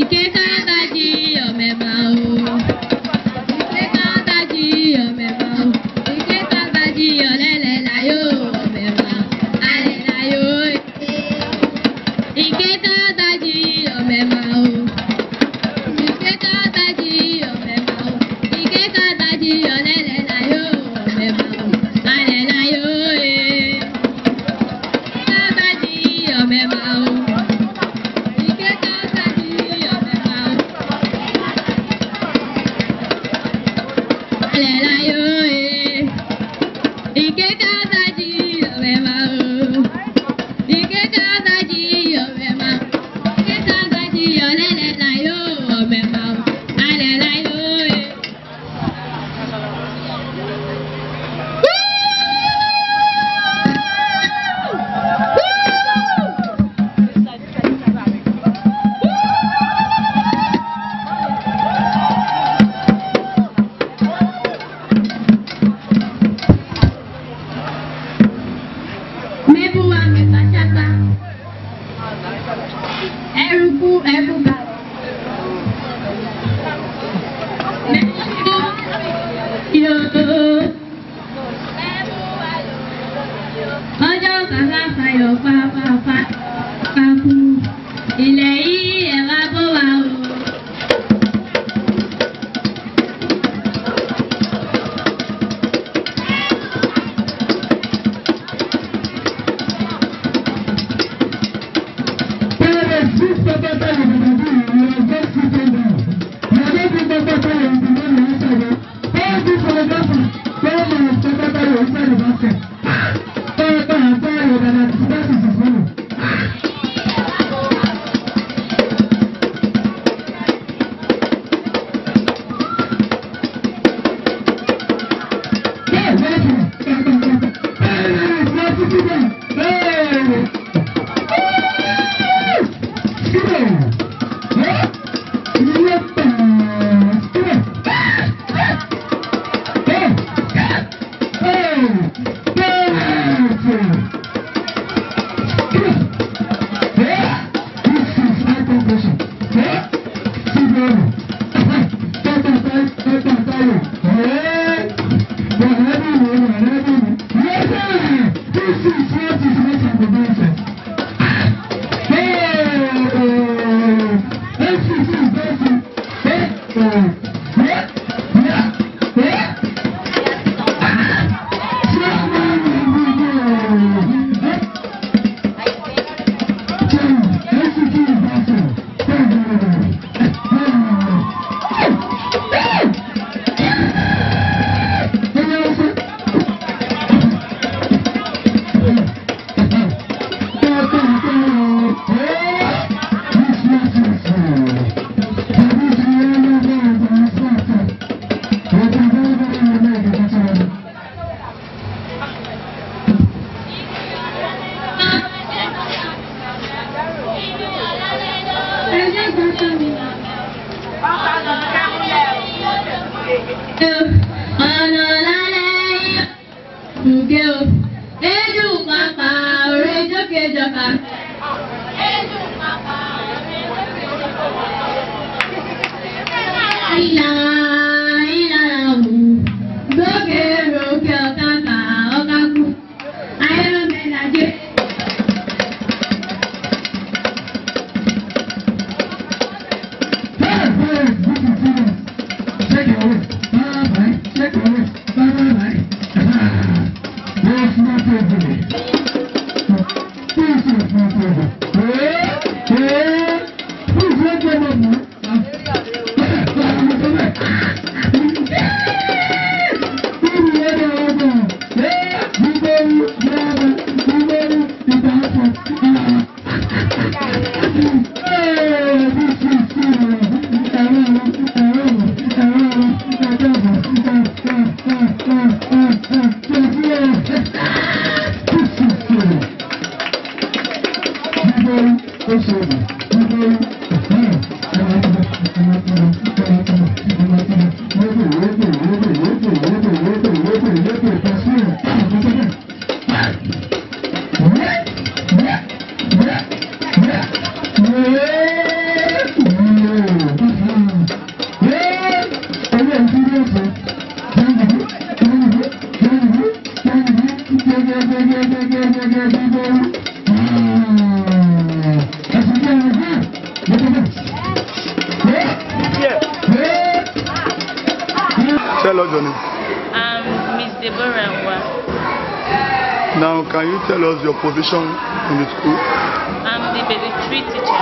We did Ọlá Fayọ̀ Fáfáfá Fákú ilẹ̀. mamá. Es Thank you. Tell us your name. Um, Miss Deborah Nwa. Now, can you tell us your position in the school? I'm um, the pediatric teacher.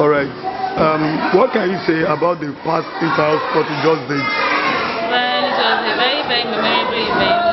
All right. Um, what can you say about the past inter-house sport just did? Well, it was a very, very memorable event.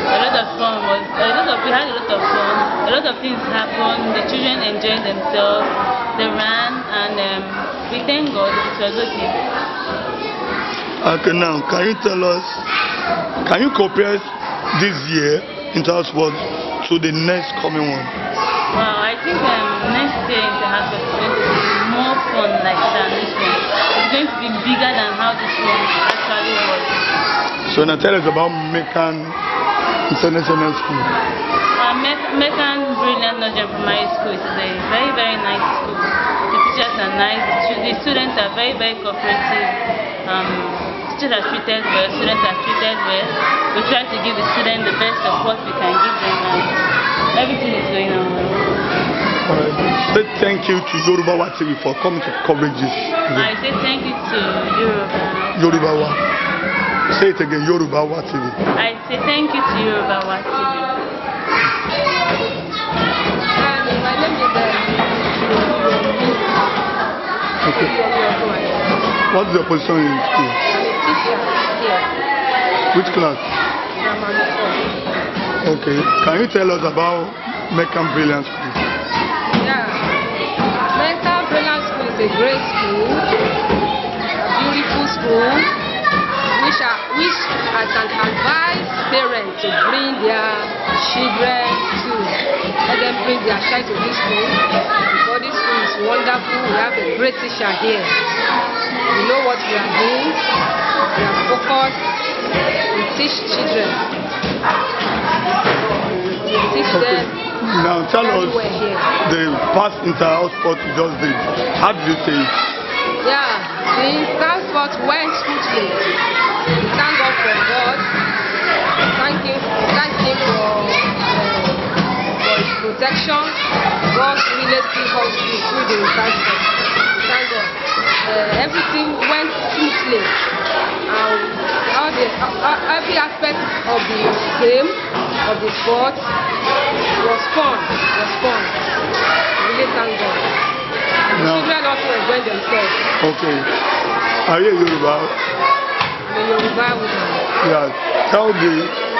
A lot of fun was. A lot of we had a lot of fun. A lot of things happened. The children enjoyed themselves. They ran, and um, we thank God it was okay. Okay, now, can you tell us, can you compare this year internal sport to the next coming one? Well, I think um, next year internal sport is going to be more fun like than this one. It's going to be bigger than how this one actually was. So now tell us about Mekan International School. Uh, Mekan Brilliant Nigerian Primary School is a very, very nice school. The teachers are nice. The students are very, very cooperative. Um, teachers are treated well, students are treated well. Uh, we try to give the students the best support we can give them and everything is going on well. Right. Say thank you to Yorubawa TV for coming to coverage I say thank you to Yorubawa. Yorubawa. Say it again, Yorubawa TV. I say thank you to Yorubawa TV. What's your position in school? Which class? Okay. Can you tell us about Meckham Brilliant School? Yeah. Meckham Brilliant School is a great school, a beautiful school, which, are, which has an advice parents to bring their children to. Let them bring their child to this school. Because this school is wonderful. We have a great teacher here. We know what we are doing. We are focused. teach children. Now tell us the past inter-house sport you just did. How did you say it? Yeah, the inter went smoothly. thank God for God. Thank Him, thank Him for, uh, for His protection. God really took us through the inter-house Thank God. Uh, everything went smoothly. And Uh, uh, every aspect of the game, of the sport was fun, was fun. Really thank God. no. children also enjoy themselves. Okay. Are you Yoruba? The Yoruba woman. Yeah. Tell me.